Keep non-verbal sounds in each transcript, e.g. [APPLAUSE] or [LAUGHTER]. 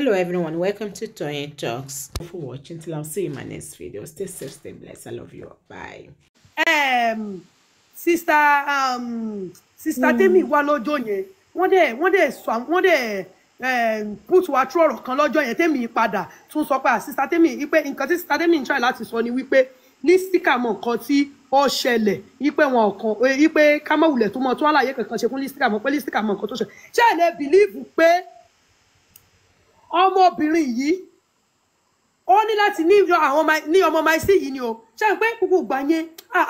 hello everyone welcome to Toyeen Talks Thank you for watching till I see you in my next video stay safe stay blessed i love you all. bye um sister um sister hmm. Temi wá lọ́jọ́ yẹn wọ́n dẹ̀ wọ́n dẹ̀ sọ wọ́n dẹ̀ um, put wa true ọ̀rọ̀ kan lọ́jọ́ yẹn Temi padà tún so pé ah, sister Temi wípé nǹkan tí sister Temi ń try láti sọ ni wípé ní sticker mọ nǹkan tí ó ṣẹlẹ̀ wípé wọn ọ̀kan wípé ká má wule. tó mọ tó àlàyé kankan ṣe fún lístíkà mọ pé lístíkà mọ nǹkan tó ṣẹlẹ̀ ṣé ẹ lè bìlíìfù ọmọbìnrin yìí ó ní láti ní àwọn ní ọmọ máa sí yìí ni o ṣe pé kúkú gbà yẹn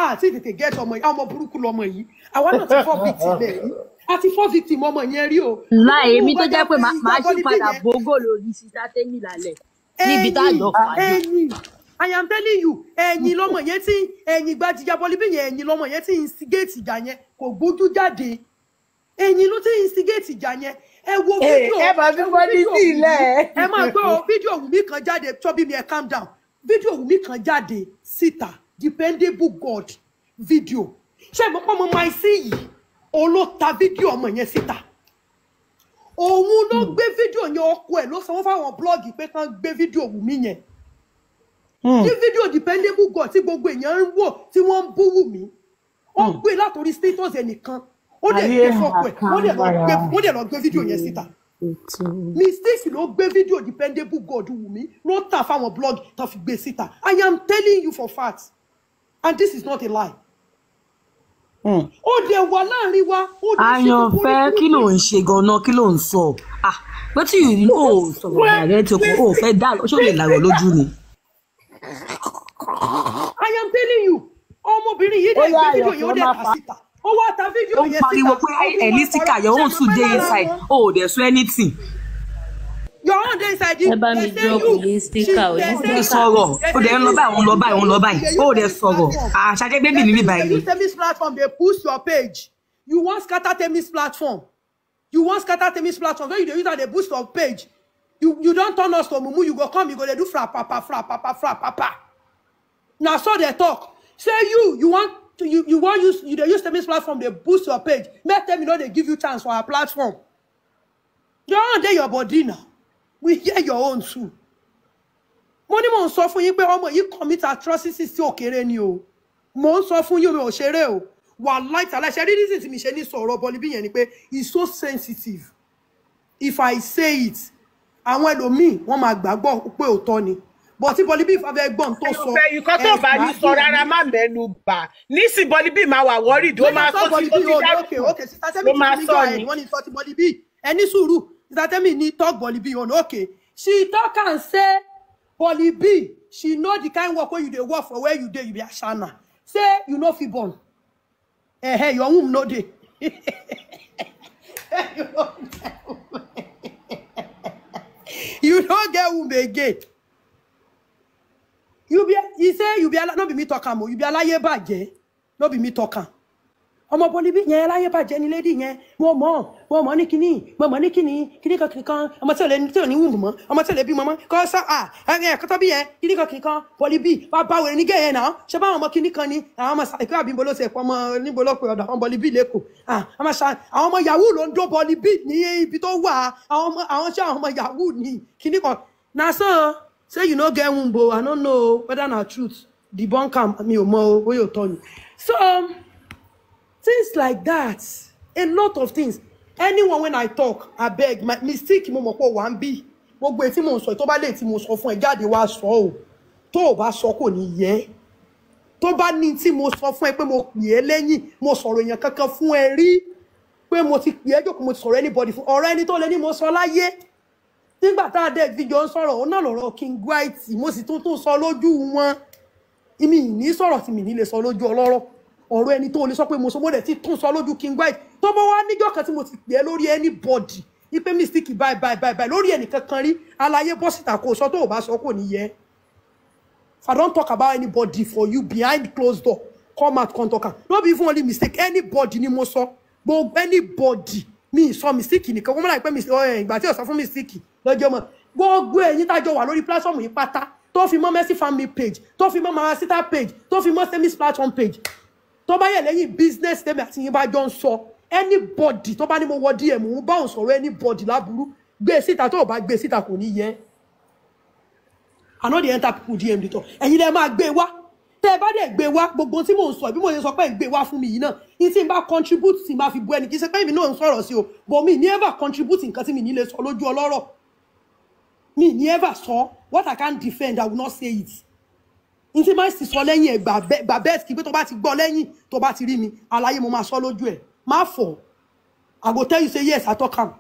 àti tètè gẹ́ẹ̀tì ọmọ yìí ọmọ burúkú lọmọ yìí àwa náà ti fọ́ victim ẹ̀ rí àti four victim ọmọ yẹn rí o. láì èmi tó jẹ́ pé màá ṣì padà bógó lórí sísá tẹ́mì lálẹ́ níbi tá a lọ fà á. ẹyin I am telling you ẹyin lọmọ yẹn tí ẹyin gbajìjà bọlíbí yẹn ẹyin lọmọ yẹn tí instigate ìjà yẹn kò gbójú jáde ẹyin ló ti instigate ìjà yẹn ẹ wo eh, fídíò ẹ máa fi bọ́dí sí ilẹ̀ ẹ máa gbọ́ fídíò Wùmí kan jáde tọ́bí mi ẹ calm down fídíò Wùmí kan jáde síta dependable god fídíò ṣé mo pọ́n mo máa sí yìí olóta fídíò ọmọ yẹn síta òun ló hmm. gbé fídíò yẹn ọkọ ẹ ló sanwó fáwọn blọọgì pé kán gbé fídíò Wùmí yẹn ní hmm. fídíò dependable god tí gbogbo èèyàn ń wò tí wọ́n ń bú Wùmí ó hmm. gbé látòrí status ẹnìkan ó dẹ̀ gbé fọ́pọ̀ ẹ̀ wọ́n dẹ̀ lọ gbé fídíò yẹn síta mistakes ló gbé fídíò dependable god Wumi ló tà fáwọn blog tó fi gbé síta i am telling you for fact and this is not a lie. Hmm. ó dẹ̀ wà láàrin wa. àyànfẹ́ kí ló ń ṣe gan-an kí ló ń sọ pé tí ò sọ̀rọ̀ ààrẹ tí o fẹ́ dá ṣé o lè làrọ̀ lójú ni. i am telling you ọmọbìnrin yìí dẹ̀ gbé fídíò yìí ó dẹ̀ kà síta ó wá ta fídíò yẹn síta ó ń pariwo pé ẹlísíkà oh, your own too dey inside oh there's so anything. your own dey inside you dey oh, say you she oh, dey sọ̀rọ̀ ó dẹ̀ ń lọ báyìí ó buy. lọ báyìí ó ń lọ báyìí ó dẹ̀ sọ̀rọ̀ àṣàjẹ bébì mi bíbá yìí. Temi's platform they push your page you want scatter Temi's platform you want scatter Temi's platform When you dey use am dey boost your page you you don't turn us to mumu you go come you go dey do papa fra papa. Now so they talk say you you want you you want use you dey use Temi's platform dey boost your page make Temi no dey give you chance for her platform your own dey your body na we hear your own too mo ní mò ń sọ fún yín pé ọmọ yìí commit atrocities tí ò kéré ni o mò ń sọ fún yín mi ò ṣeré o wà láìta láìṣe rí reason tí mi ṣe ní sọ̀rọ̀ bọ́líbí yẹn ni pe. it's so sensitive if I say it àwọn ẹlòmíì wọ́n máa gbàgbọ́ pé òótọ́ ni bọ̀ tí Bọ̀líbíì fàbẹ́ ẹgbọ́n tó sọ. ẹ̀fẹ̀ ìkọ́ tó bá ní sọ rárá má mẹ́nu bà nísì Bọ̀líbíì máa wà wọ́rì tó máa tó ti tó ti oh, dárúkọ ló máa sọ ni. wọ́n ní sọ ti Bọ̀líbíì ẹni sùúrù sísátẹ́mì Ni talk Bọ̀líbíì on. Okay. she talk and say Bọ̀líbíì she know the kind work where you dey work for where you dey you be ashana say you no fit born Eh, ẹ̀hẹ̀ your womb no dey. [LAUGHS] you no get womb again you be he say you be no be me talk am you be aláyé bàjẹ́ no be me talk am ọmọ bọlíbí yẹn aláyé bàjẹ́ ni lady yẹn mo mọ̀ mo mọ̀ ní kíní mo mọ̀ ní kíní kíní kan kíní kan ọmọ tí ò lè tí ò ní wùmù mọ́ ọmọ tí ò lè bí mọ́ mọ́ kọ́ sá à ẹ̀ kọ́tọ́ bí yẹn kan kíní kan bọlíbí wàá bá wẹ̀rẹ̀ nígẹ̀ yẹn náà ṣé báwọn ọmọ kíní kan ni àwọn ọmọ sàlẹ̀ pé àbí nbolo ṣe pọ̀ ọmọ níbo lọ́pẹ̀ ọ̀dọ̀ àwọn bọlíbí lẹ́kọ̀ọ́ àwọn ọmọ yahoo ló ń dó bọlíbí ní ibi tó wà àwọn ọmọ àwọn ṣé àwọn ọmọ yahoo ní kíní kan náà sàn say you no get wumbo i don't know whether na truth debunk am mi ò mọ o you o tọ so um, things like that a lot of things anyone when i talk abeg my mistake mo mo ko one b, mo gbogbo ti mo so sọ tó bá mo so fun ẹ jáde wá sọ o tó o bá sọ kò ní mo so fun ẹ mo ye é lẹ́yìn mo sọ̀rọ̀ èèyàn kankan fún ẹ rí pé mo ti ye jo jókòó mo ti anybody fún ọ̀rọ̀ ẹni tó lé ní mo sọ láyé nígbà tá a dé ìjọ ń sọ̀rọ̀ òun náà lọ̀rọ̀ King White mo sì tún tún sọ lójú wọn èmi ní sọ̀rọ̀ tí mi ní lè sọ lójú ọlọ́rọ̀ ọ̀rọ̀ ẹni tó lè sọ pé mo sọ mo dẹ̀ ti tún sọ lójú King White tó bọ́ wá níjọ́ kan tí mo ti pè é lórí anybody ipe mistake báyìí báyìí báyìí báyìí lórí ẹnìkan kan rí àlàyé bọ́ síta kò sọ tó o bá sọ kò ní yẹ i don't talk about anybody for you behind closed door come out come talk am no be even only mistake anybody ni mo sọ gbogbo anybody mi sọ mistake nìkan wọ́n mọ̀ láì pé ìgbà tí ò sọ fún mistake lọ́jọ́ mọ̀ gbogbo ẹ̀yin tájọ wà lórí platform yìí pátá tó fi mọ́ Mercy family page tó fi mọ́ Mawasita page tó fi mọ́ semis platform page tó bá yẹ lẹ́yìn business tẹ́mi àti yín bá jọ ń anybody tó bá ní mo wọ DM ń bá òun sọ̀rọ̀ anybody laburu gbé e síta tó o bá gbé e síta kò ní yẹ àná dey enter people DM dìtọ̀ ẹ̀yin lẹ́ máa gbé e wá tẹ́ ẹ bá dẹ̀ gbé wá gbogbo tí mò ń sọ mo ṣe sọ pé gbé wá fún mi yìí náà tí n bá contribute tí n bá fi bu ẹni kì í ṣe pé èmi náà ń sọ̀rọ̀ sí o but mi ní ever contribute nǹkan tí mi ní lè sọ lójú ọlọ́rọ̀ mi ní ever sọ what I can defend I will not say it n tí máa sì sọ lẹ́yìn ẹ̀ gbà bẹ́ẹ̀ kí pé tó bá ti gbọ́ lẹ́yìn tó bá ti rí mi àlàyé mo máa sọ lójú ẹ̀ má fọ̀ I go tell you say yes I talk am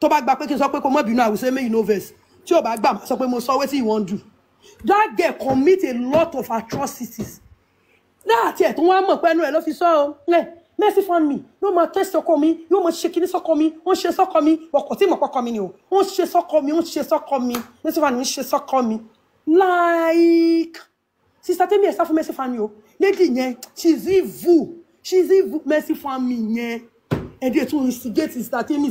tó bá gba pé kí n sọ pé kó mọ̀ bínú I will say make you no vex tí ò bá gbà má sọ pé mo sọ wetin you wan do that girl commit a lot of atrocities náà àti ẹ̀ tó wá mọ̀ pé ẹnu ẹ̀ ló fi sọ ọ́ ẹ̀ mẹ́sì fan mi yóò máa tẹ́ sọ́kọ mi yóò máa ṣe kíní sọ́kọ mi ó ń ṣe sọ́kọ mi ọkọ̀ tí mọ̀ pọ́kọ mi ni o ó ń ṣe sọ́kọ mi ó ń ṣe sọ́kọ mi mẹ́sì fan mi ń ṣe sọ́kọ mi like sista tẹ́mi ẹ̀ sá fún mẹ́sì fan mi o lady yẹn she's evil she's evil mẹ́sì fan mi yẹn ẹ̀dẹ̀ tún instigate sista tẹ́mi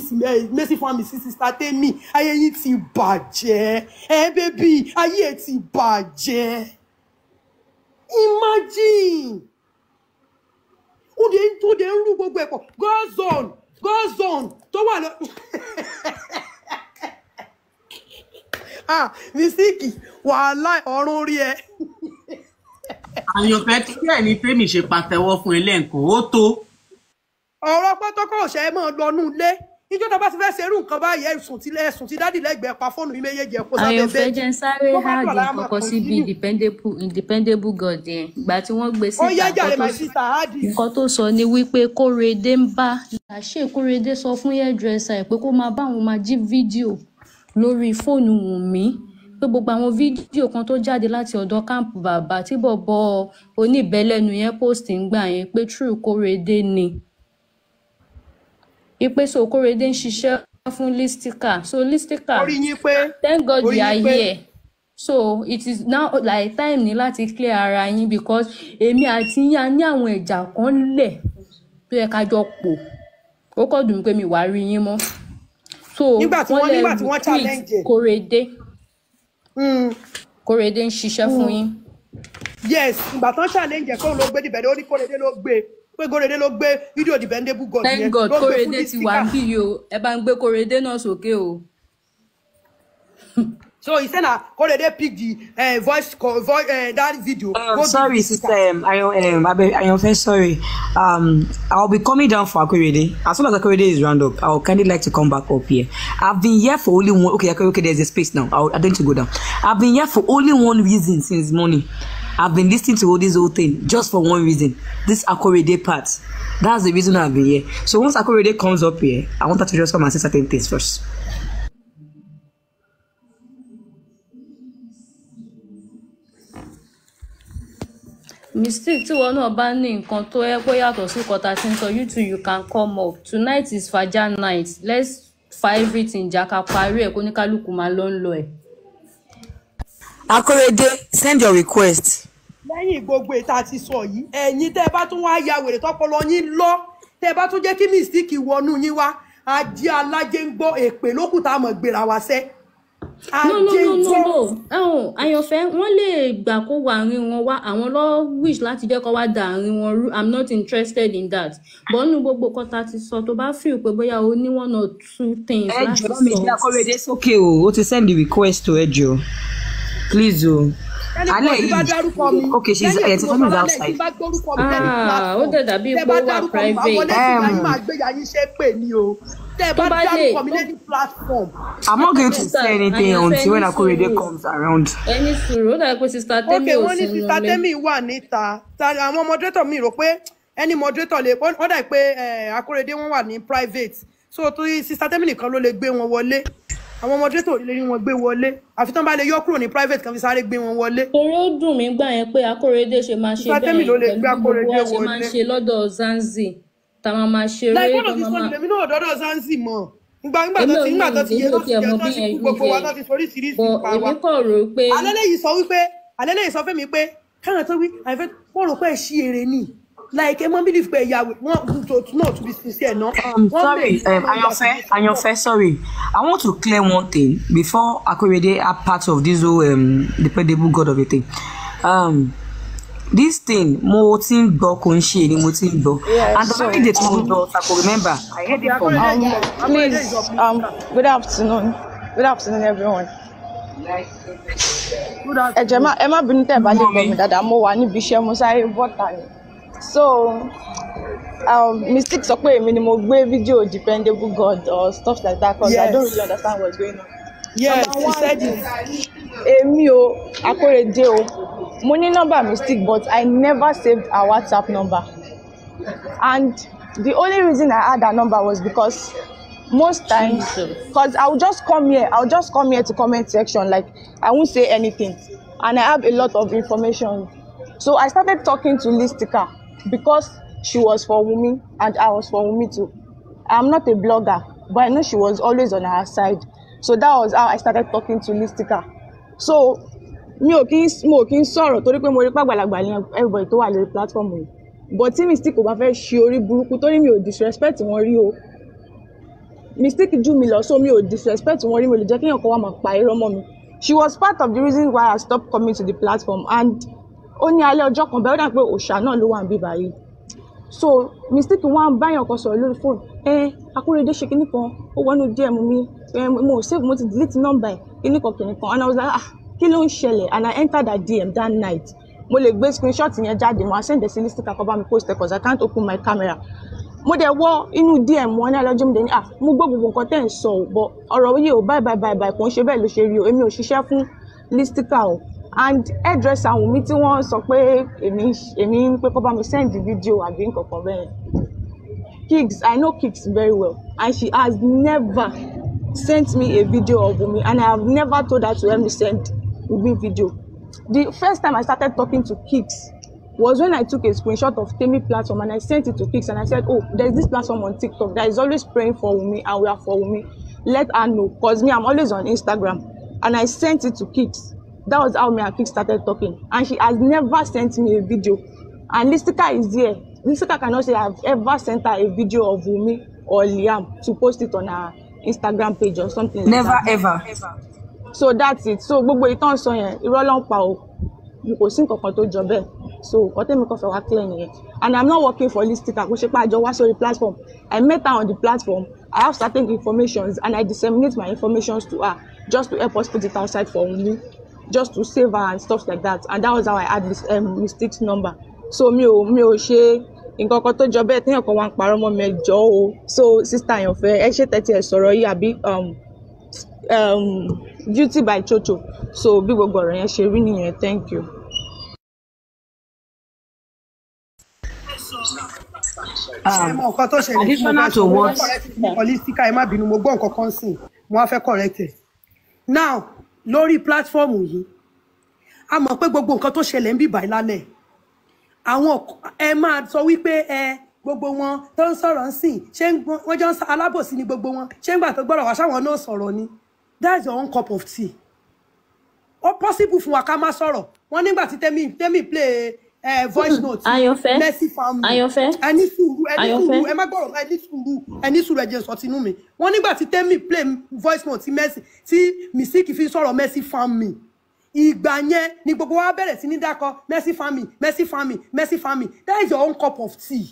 Mercy fan mi sí sista tẹ́mi ayé yín ti bàjẹ́ ẹ̀ bẹ́bí ayé ẹ̀ ti bàjẹ́ imagine ó dé tó dé ń rú gbogbo ẹ̀pọ̀ god zone god zone tó wà lọ. [LAUGHS] ah mísíkì wàhálà ọ̀run rí ẹ. àyànfẹ́ kí ẹ̀ ní fẹ́mi ṣe pàtẹ́wọ́ fún ẹlẹ́ǹkan ó tó. ọ̀rọ̀ pátákó ọ̀sẹ̀ ẹ máa lọ nú ilé níjọ́ tá a bá ti fẹ́ ṣe irú nǹkan báyìí ẹ̀sùn ti ẹ̀sùn ti dádì lẹ́gbẹ̀ẹ́ pa fóònù mi méjèèjì ẹ̀kọ́ sábẹ́ bẹ́ẹ̀. àyànfẹ́ jẹ́ sáré háàgì kọ̀ọ̀kan síbi independable independable god yẹn ìgbà tí wọ́n gbé síta nǹkan tó sọ ni wípé kórèdé ń bá àṣé kórèdé sọ fún hairdresser ẹ̀ pé kó máa bá àwọn máa jí fídíò lórí fóònù Wùnmí pé gbogbo àwọn fídíò kan tó jáde láti ọ̀dọ̀ káàmpù bàbá tí bọ̀bọ̀ oníbẹ̀lẹ́nu yẹn post ń gbà yẹn pé true kórèdé ni ipe so Kórèdé ń ṣiṣẹ́ fún listica so listica thank God we are here so it is now like time ni láti clear ara yín because èmi àti yín a ní àwọn ìjà kan le to yẹ ká jọ pọ̀ ó kọ́ dùn pé mi wà á rí yín mọ́ so wọ́n lè retreat Kórèdé Kórèdé hmm. ń ṣiṣẹ́ fún hmm. yín. yes ìgbà tán ṣàlẹ́ǹjẹ̀ kóun ló gbé dìbẹ̀ lórí Kórèdé ló gbé pé Kórèdé ló gbé fídíò dependable god yẹn ló gbé fún ní síkà. wàbí o ẹ bá ń gbé Kórèdé náà sókè o. so he say na Kórèdé pick the uh, voice call voice uh, that video. uh, sorry sister um, Ayon, um, Ayonfe sorry um, I will be coming down for Akorede as soon as Akorede is round up I will kindly like to come back up here I have been here for only one okay okay, okay there is a space now I, will, I need to go down I have been here for only one reason since morning I've been listening to all this whole thing just for one reason. This Akorede part. That's the reason I've been here. So once Akorede comes up here, I want her to just come and say certain things first. mistake tí wọn náà bá ní nǹkan tó yẹ kó yàtọ̀ sí kọta tí ń sọ you too you can come up tonight is fajar night let's fire everything jà ká parí ẹ̀ kó ní kálukú máa lọ ń lọ ẹ̀. Akọ́rẹ́dé send your request. lẹ́yìn gbogbo ìta ti sọ yìí ẹ̀yin tẹ́ ẹ bá tún wá ya wèrè tọpọlọ yín lọ tẹ́ ẹ bá tún jẹ́ kí mísíkì wọnú yín wá ajé alájẹ ń gbọ́ èpè lókùtà àmọ̀ gbéra wá sẹ́ no no no no no ẹhùn àyànfẹ́ wọ́n lè gbà kó wà àárín wọn wá àwọn lọ wish láti jẹ́ kó wá da àárín wọn rú i'm not interested in that but nínú gbogbo kọta ti sọ tó bá feel pé bóyá o ní one or two things láti sọ. ẹ jọ mi jẹ akọrẹdẹ sókè o ó ti send the request to ẹ jọ please o. Oh. alẹ́ yìí ok she eh, is ẹ̀ ti fọ́nmù is outside. Ah, ó dẹ̀ dàbí ipò wà private. Um. I'm not going to say anything until when Akorede comes around. Ẹni sùúrù ó dàbí pé sista Temi ò sí lọ́lẹ̀. Ok, wọ́n ní sista Temi wà níta. Àwọn moderator mi rò pé ẹni moderator lè wọ́n dà pé eh, Akorede wọ́n wà ní private. So, sista Temi nìkan ló lè gbé wọn wọlé àwọn moderator lè rí wọn gbé wọlé àfi tán bá lè yọ kúrò ní private kan fi sáré gbé wọn wọlé. torí ó dùn mí gbà yẹn pé akóredé ṣe máa ṣe bẹ́ẹ̀ pẹ̀lú gbogbo wa ṣe máa ṣe lọ́dọ̀ Zanzi tá a máa máa ṣeré tó máa máa. lẹ́yìn náà lọ́dọ̀ Zanzi mọ̀ gbangba tó ti nígbà tó ti yé tó ti yẹ tó ti kú gbogbo wa tó ti forí sí rísì pa wa. alẹ́ lẹ́yìn sọ wípé alẹ́ lẹ́yìn sọ fẹ́mi pé káwọn tó wí àìfẹ́ wọ́n rò pé ẹ̀ ṣí eré nìyí like a mọ bí nípa ẹ̀yà wọn to know to be sincere no. Um, sorry um, your Ayanfe sorry I want to clear one thing before I Akorede are part of this whole um, dependable god of a thing. Um, this thing mo ti ń gbọ́ kò ń ṣe ni mo and the very that tí mo I go remember I heard it from her. please um, good afternoon good afternoon everyone ẹ jẹ́ ẹ má bínú tẹ́ ẹ bá lè gbọ́ mi dáadáa mo wà níbi iṣẹ́ mo sáré bọ́ta ni so um, mystic sọ pé èmi ni mo gbé fídíò dependable god or stuff like that cause yes. i don't really understand what's going on. yes number one said it. èmi o akórèdé o mo ní number mistake, but i never saved her whatsapp number and the only reason i had her number was because most times because i will just come here i will just come here to comment section like i won't say anything and i have a lot of information so i started talking to listica because she was for Wunmi and I was for Wunmi too. I'm not a blogger, but I know she was always on her side. So that was how I started talking to Listica. So mi ò kí mo kí ń sọ̀rọ̀ torí pé mo rí pàgbàlagbà ní everybody tó wà lórí platform yìí but tí Mystic kò bá fẹ́ ṣe orí burúkú torí mi ò disrespect wọn rí o Mystic jù mí lọ so mi ò disrespect wọn rí mi ò lè jẹ́ kéèyàn kan wá máa pa irọ́ mọ́ mi she was part of the reason why I stopped coming to the platform and ó ní alẹ́ ọjọ́ kan bẹ́ẹ̀ ó dà pé òòṣà náà ló wà níbí báyìí so mistake wọn báyàn kan sọ̀rọ̀ lórí fóònù ẹ akóredé ṣe kinní kan ó wọnú díẹ̀ mú mi mo save mo ti delete number ẹ̀ kinní kan kinní kan and i was like ah kí ló ń ṣẹlẹ̀ and i entered that dm that night mo lè gbé screenshot yẹn jáde mo send the sí list kakọ́ bá mi post ẹ̀ cause i can't open my camera mo dẹ̀ wọ inú dm wọn ní alọ́jọ́ mi dẹ̀ ní ah mo gbọ́ gbogbo nǹkan tẹ̀ ń sọ ọ̀ bọ̀ ọ̀rọ̀ yìí ò báyìí báyìí báyìí kò ń ṣe bẹ́ẹ̀ ló ṣe rí o èmi ò ṣiṣẹ́ fún listica and hairdresser àwọn mi tí wọ́n sọ pé èmi èmi ń pé kó bá mi send video àbí nǹkankan bẹ́ẹ̀ Kizz I know Kizz very well and she has never sent me a video of Wumi, and I have never told her to help me send Wumi video the first time I started talking to Kizz was when I took a screenshot of Temi platform and I sent it to Kizz and I said oh there is this platform on TikTok that is always praying for Wumi and we are for Wumi. let her know cause me I'm always on Instagram and I sent it to Kizz that was how me and Quick started talking and she has never sent me a video and Listica is there Listica cannot say I have ever sent her a video of Wunmi or Liam to post it on her Instagram page or something never, like that never ever so that's it so gbogbo ìtàn sọ yẹn irọ́ ló ń pa o kò sí nǹkan kan tó jọ bẹ́ẹ̀ so ọtẹ́mi kan fẹ́ wá clear nìyẹn and i'm not working for Listica kò ṣe pé àjọ wá sórí platform i met her on the platform i have certain informations and i disseminate my informations to her just to help us put it outside for Wunmi just to save her and stuff like that and that was how i had this um, mistakes number so mi ò mi ò ṣe nǹkan kan tó jọ bẹ́ẹ̀ téèyàn kan wá ń parọ́ mọ́ mẹ́jọ o so sister àyànfẹ́ ẹ ṣe tẹ́tí ẹ sọ̀rọ̀ yìí àbí um, um, duty by chocho so bí gbogbo ọ̀rọ̀ yẹn ṣe rí nìyẹn thank you. ṣé mọ nǹkan tó ṣẹlẹ̀ sí mo bá ṣe mo fẹ́ kọ̀rẹ́tì mo kọ̀ ẹ má bínú mo gbọ́ nǹkan kan sìn mo wá fẹ́ kọ̀rẹ́tì now lórí pílátífọ́ọ̀mù yìí a mọ̀ pé gbogbo nǹkan tó ṣẹlẹ̀ ń bìbà lálẹ́ àwọn ẹ máa sọ wípé ẹ gbogbo wọn tó ń sọ̀rọ̀ ń sìn ṣé wọ́n jọ ń sa alábòsí ni gbogbo wọn ṣé ń gbà tó gbọ́dọ̀ wá sáwọn náà sọ̀rọ̀ ni that is your own cup of tea ó possible fún wa ká má sọ̀rọ̀ wọ́n nígbà tí tẹ́mi tẹ́mi play eh, voice note hmm. mercy family ẹni sùúrù ẹni sùúrù ẹ má gbọ́rọ̀ bá ẹni sùúrù ẹni sùúrù ẹ̀jẹ̀ sọ tinú mi wọ́n nígbà tí tẹ́mi play voice note ti mercy tí misiki fi sọ̀rọ̀ mercy family ìgbà yẹn ni gbogbo wa bẹ̀rẹ̀ sí ní dákọ mercy family mercy family mercy family that is your own cup of tea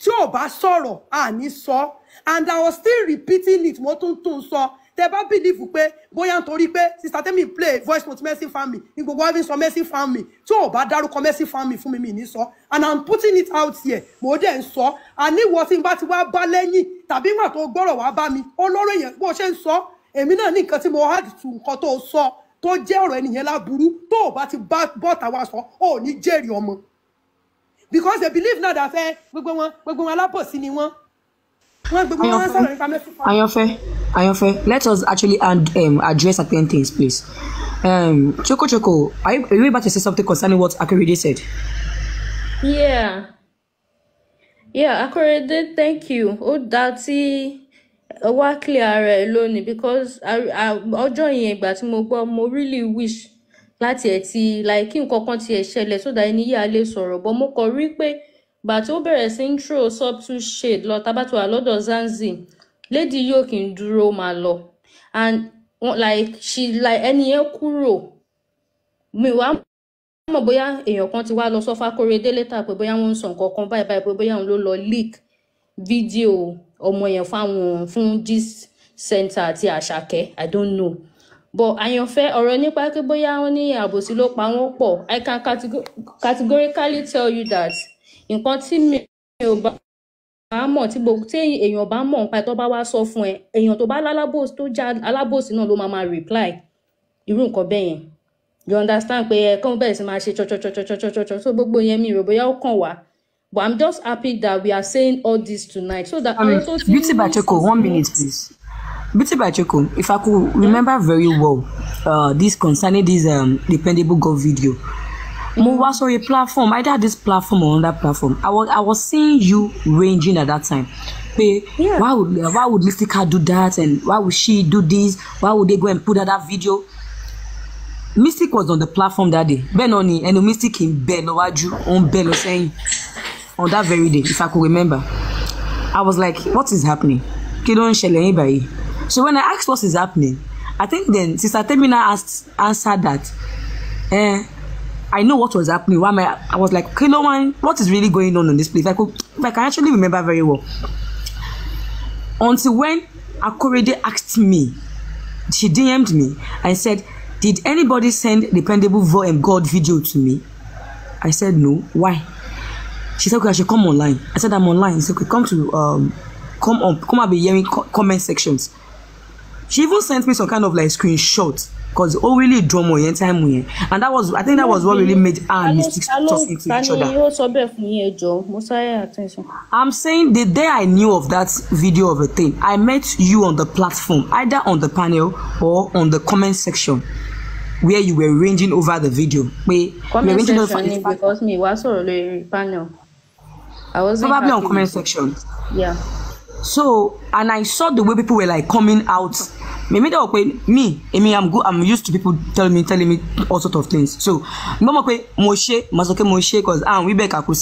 tí ò bá sọ̀rọ̀ àní sọ and I was still repeating it mo tún tún sọ. So tẹ bá bìlífù pé bóyá nítorí pé sista tẹ́mi play voice note mercy family ní go having some, mercy family So, ò bá dárúkọ mercy family fún mi mi so. and i'm putting it out here mo dẹ̀ ń sọ àníwọ̀ tí n bá ti wá bá lẹ́yìn tàbí ìgbà tó gbọ́rọ̀ wá bá mi ọlọ́rọ̀ èèyàn bó ṣe ń sọ èmi náà ní nǹkan tí mo hard to nǹkan so. To tó jẹ́ ọ̀rọ̀ ẹnìyẹn láburú tó o bá ti bọ́ta wa sọ ò ní jèrè ọmọ because they believe now that we go, wọn gbogbo wọn alábòsí ni wọ́n wọ́n gbogbo wọn sọ̀rọ̀ nípa mẹ́fì. àyànfẹ́ Ayofe, let us actually and, um, address certain things, please. Um, Choco Choco, are you, are you about to say something concerning what Akurede said? Yeah. Yeah, Akurede, thank you. Ó dá wa wá clear rẹ̀ lónìí because uh, uh, ọjọ́ yẹn ìgbà tí mo gbọ́ mo really wish láti ẹ̀ ti like kí nǹkan ti ẹ̀ ṣẹlẹ̀ so that ẹni yìí á lè sọ̀rọ̀ but mo kàn rí pé gbà tó bẹ̀rẹ̀ sí ń throw subtle shade lọ tábàtúwà lọ́dọ̀ Zanzi lady yóò kì í dúró máa lọ and like she like ẹni yẹn kúrò mi wá mọ̀ bóyá èèyàn kan ti wá lọ sọ́fà kórèdé létà pé bóyá wọ́n ń sọ nǹkan kan báyìí báyìí pé bóyá òun ló lọ leak fídíò ọmọ yẹn fáwọn fún gist center àti àṣàkẹ́ i don't know but àyànfẹ́ ọ̀rọ̀ nípa pé bóyá wọ́n ní àbòsí ló pa wọ́n pọ̀ i can categorically tell you that nǹkan tí mi ò bá bá mọ̀ tí èèyàn bá mọ̀ nípa ẹ̀ tó bá wá sọ fún ẹ èèyàn tó bá lálábòsí tó já alábòsí náà ló máa máa reply irú nǹkan bẹ́ẹ̀ yẹn you understand pé ẹ kàn bẹ̀rẹ̀ sí máa ṣe chọ́chọ́chọ́chọ́chọ́chọ́ so gbogbo yẹn mi rò bóyá ó kàn wá but i'm just happy that we are saying all this tonight so that. Um, Beauty Bacheko one minute please. Beauty Bacheko if i could remember very well uh, this concerning this um, dependable God video mo wá sórí platform either this platform or another platform i was i was seeing you ranging at that time pé yeah. why would why would Mystica do that and why would she do this why would they go and put out that video Mystic was on the platform that day Benoni and ni ẹnu Mystic ń bẹ lọ́wájú on Ben bẹ lọ on that very day if i could remember i was like what is happening kí ló ń so when i asked what is happening i think then sister Temina asked answered that eh, I know what was happening. Why am I I was like, okay, no one, what is really going on in this place? Oh, I could, I can actually remember very well. Until when Akorede asked me, she DM'd me and said, did anybody send dependable voice and God video to me? I said no. Why? She said, okay, I should come online. I said, I'm online. She said, okay, come to, um, come on, come up be hearing comment sections. She even sent me some kind of like screenshot cause ó really dùn ọmọ time táìmù yẹn and that was i think that was what really made our mistakes talking to each other. tani yóò sọ bẹ́ẹ̀ fún yín ẹjọ́ mo sáré attention. i'm saying the day i knew of that video of a thing i met you on the platform either on the panel or on the comment section where you were ranging over the video pé you were ranging over the fact comment section because me wá sọ̀rọ̀ lórí panel. I wasn't probably on comment section. yeah so and i saw the way people were like coming out mèmi dẹ̀ wọ̀ pé me èmi i'm good i'm used to people telling me telling me all sorts of things so mama, mọ̀ Moshe must okay Moshe because pé mo ṣe ah wíbẹ̀ kà kú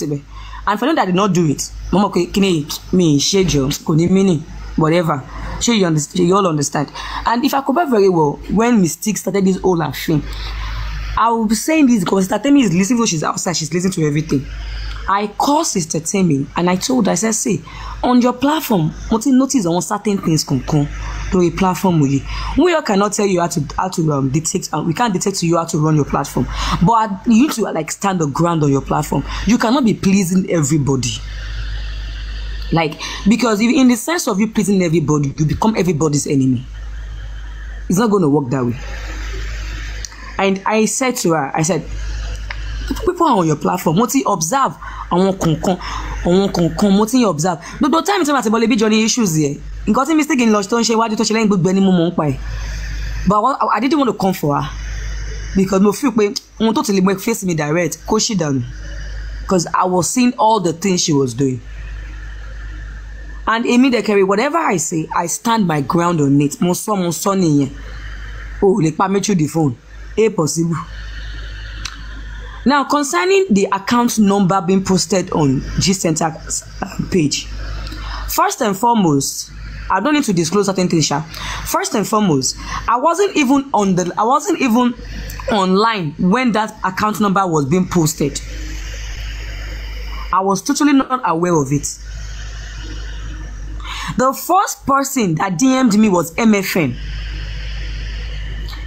and for now that did not do it Mama mọ̀ pé kí ni mi ṣe jọ whatever Sure you understand you all understand and if i compare very well when mystique started this whole thing i will be saying this because tatemi is listening. to she's outside she's listening to everything I called Sister Temi and I told her, I said, see, on your platform, what you notice on certain things come through lórí platform yìí. We all cannot tell you how to how to um, detect, uh, we can't detect to you how to run your platform. But you two are like stand the ground on your platform. You cannot be pleasing everybody. Like, because if, in the sense of you pleasing everybody, you become everybody's enemy. It's not going to work that way. And I said to her, I said, pípọ̀ on your platform mo ti observe àwọn kọ̀ọ̀kan àwọn kọ̀ọ̀kan mo ti observe gbogbo time tí mo ti bọ́ lè bí journey issues yẹ nǹkan tí mistake ńlọ tó ń ṣe iwájú tó ṣe lẹ́yìn gbogbo ẹni mo mọ̀ ń pa ẹ̀ but I didn't want to come for her because mo feel pé ohun tó ti lè mọ face me direct kó ṣì dànù because I was seeing all the things she was doing and èmi dẹ̀ whatever I say I stand my ground on it mo sọ mo sọ nìyẹn o ò lè pa méjì di phone e possible. Now, concerning the account number being posted on GCenter um, page, first and foremost, I don't need to disclose certain things, Sha. First and foremost, I wasn't even on the, I wasn't even online when that account number was being posted. I was totally not aware of it. The first person that DM'd me was MFN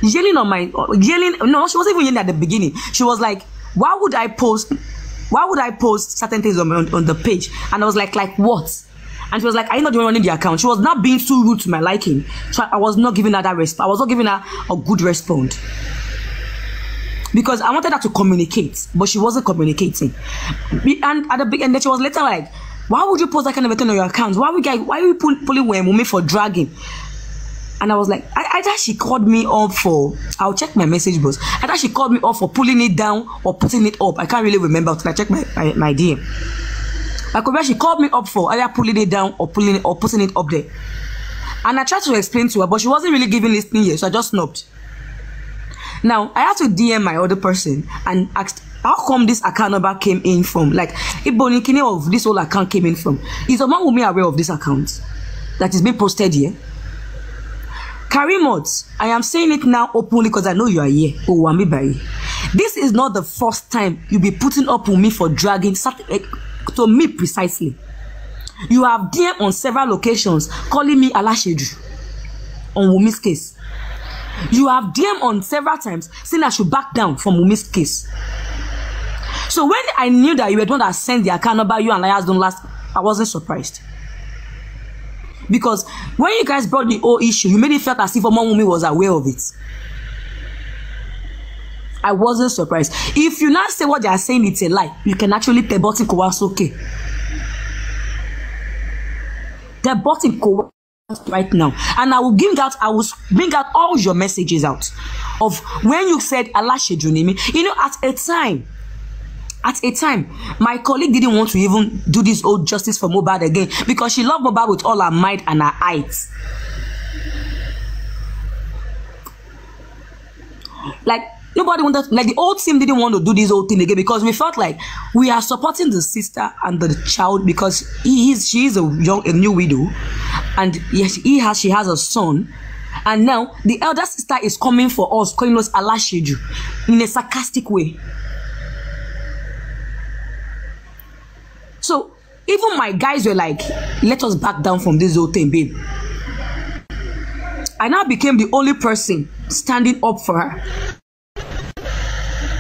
yelling on my yelling no she wasn't even yelling at the beginning she was like why would I post? Why would I post certain things on, on, on the page? And I was like, like what? And she was like, Are you not even running the account? She was not being too rude to my liking. So I was not giving her that response. I was not giving her a good response. Because I wanted her to communicate, but she wasn't communicating. And at the beginning, she was later like, Why would you post that kind of thing on your account? Why we get why are you pulling women for dragging? And I was like, I either she called me up for, I'll check my message box. Either she called me up for pulling it down or putting it up. I can't really remember until I check my, my, my DM. Like, whether she called me up for either pulling it down or pulling it or putting it up there. And I tried to explain to her, but she wasn't really giving listening ear, so I just snubbed. Now, I had to DM my other person and asked, how come this account number came in from? Like, Iboni Kine of this whole account came in from. Is the Oman Wumi aware of this account that is being posted here? Karimot, I am saying it now openly because I know you are here. Oh, Baye. This is not the first time you be putting up with me for dragging to me precisely. You have DM on several locations calling me Alashedu. on Wumi's case. You have DM on several times saying I should back down from Wumi's case. So when I knew that you were the one that sent the account number you and I don't last, I wasn't surprised because when you guys brought the whole issue you made it felt as if Omowumi was aware of it I wasn't surprised if you now say what they are saying it's a lie you can actually the button kò was okay. The button kò right now and I will bring out I will bring out all your messages out of when you said alasejunimi you know at a time At a time, my colleague didn't want to even do this old justice for Mohbad again because she loved Mohbad with all her might and her height. Like nobody wanted, like the old team didn't want to do this old thing again because we felt like we are supporting the sister and the child because he is, she is a young, a new widow, and yes, he has, she has a son. And now the elder sister is coming for us, calling us Alasheju in a sarcastic way. So even my guys were like, let us back down from this whole thing, babe. I now became the only person standing up for her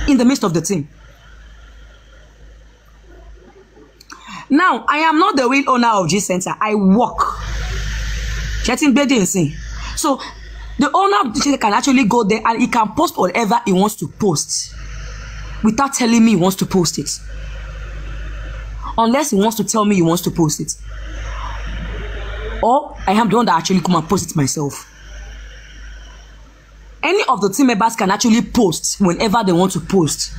in the midst of the team. Now, I am not the real owner of G Center. I work. Chatting bedding thing. So, the owner of G Center can actually go there and he can post whatever he wants to post without telling me he wants to post it unless he wants to tell me he wants to post it or I am the one that actually come and post it myself any of the team members can actually post whenever they want to post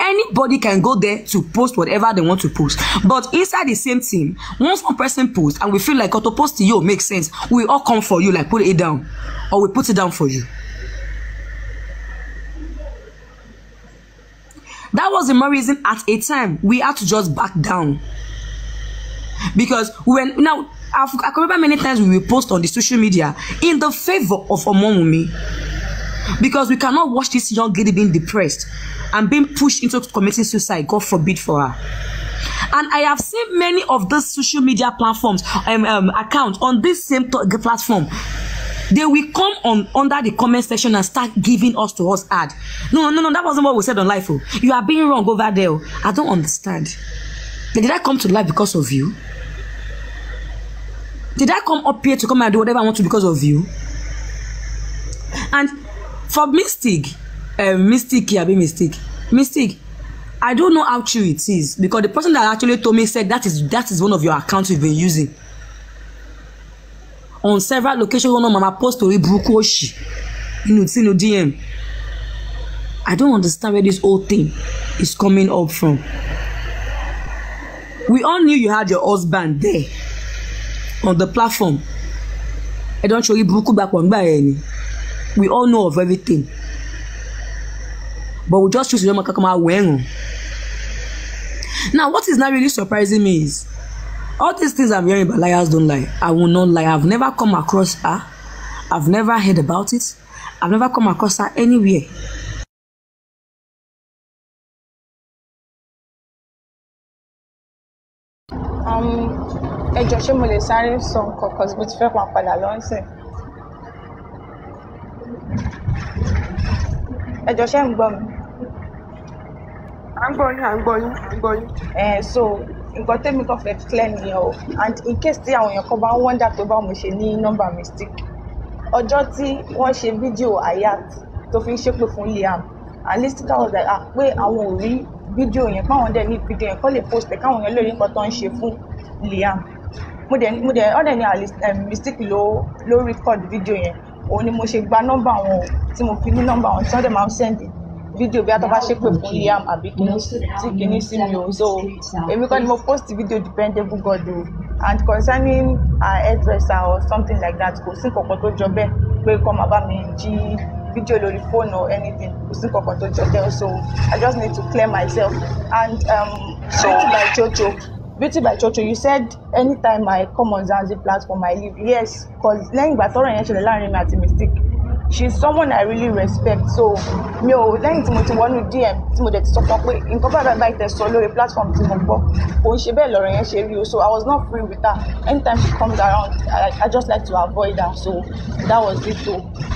anybody can go there to post whatever they want to post but inside the same team once one person posts and we feel like auto posting you makes sense we all come for you like put it down or we put it down for you That was the main reason at a time we had to just back down. Because when now I've, I can remember many times we will post on the social media in the favor of Omowumi. Because we cannot watch this young lady being depressed and being pushed into committing suicide, God forbid for her. And I have seen many of these social media platforms um, um, accounts on this same platform they will come on under the comment section and start giving us to us ad no no no that wasn't what we said on life Oh, you are being wrong over there oh. i don't understand did i come to life because of you did i come up here to come and do whatever i want to because of you and for mystic uh, mystic i be mystic mystic i don't know how true it is because the person that actually told me said that is that is one of your accounts you've been using on several locations wọn náà mama post orí burúkú òṣì nínú sínú dm i don't understand where this whole thing is coming up from we all knew you had your husband there on the platform ẹ don you burúkú back ńgbà by any. we all know of everything but we just choose to yọmọ kankan máa wẹ̀ ẹ̀rùn now what is not really surprising me is all these things I'm hearing but liars don't lie. I will not lie. I've never come across her. I've never heard about it. I've never come across her anywhere. Um, ẹjọ ṣé mo lè sáré sọ nǹkan kan síbi tí fẹ́ pa padà lọ́sìn ẹjọ ṣé ń gbọ́ mi. à ń gbọ́ yín à ń gbọ́ yín à ń gbọ́ yín. ẹ so nǹkan tẹ́mi kan fẹ́ clear nìyẹn o and in case tí àwọn èèyàn kan bá ń wonder pé báwo mo ṣe ní nọ́mbà mistake ọjọ́ tí wọ́n ṣe fídíò ayat tó fi ń ṣépè fún Liam at least káwọn ọ̀dà à pé àwọn ò rí fídíò yẹn káwọn dẹ̀ ní fídíò yẹn kọ́ lè post ẹ̀ káwọn èèyàn lè rí nǹkan tó ń ṣe fún Liam mo dẹ̀ mo dẹ̀ ọ̀dẹ̀ ni at least mistake ló ló record fídíò yẹn òun ni mo ṣe gba nọ́mbà wọn tí mo fi ní nọ́mbà wọn tí wọ́n dẹ̀ máa ń send it fídíò bí a tó bá ṣépè fún Liam àbí kìíní sí kìíní sí mi o so èmi kọ́ ni mo post video dependable god o and concerning her hairdresser or something like that kò sí kankan tó jọ bẹ́ẹ̀ pé kọ́ máa bá mi jí video lórí phone or anything kò sí kankan tó jọ bẹ́ẹ̀ so i just need to clear myself and um, so by jojo beauty by chocho you said anytime i come on Zanzi platform i leave yes cause lẹ́yìn ìgbà tọ́rọ̀ yẹn ṣẹlẹ̀ láàrin mi àti mistake she's someone I really respect so mi ò lẹ́yìn tí mo ti wọnú DM tí mo dẹ̀ ti sọ fún ọ pé nǹkan bá bàbá ìtẹ̀sọ lórí platform tí mo gbọ́ kò ń ṣe bẹ́ẹ̀ lọ́rọ̀ yẹn ṣe rí o so I was not free with her anytime she comes around I, I just like to avoid her so that was it o.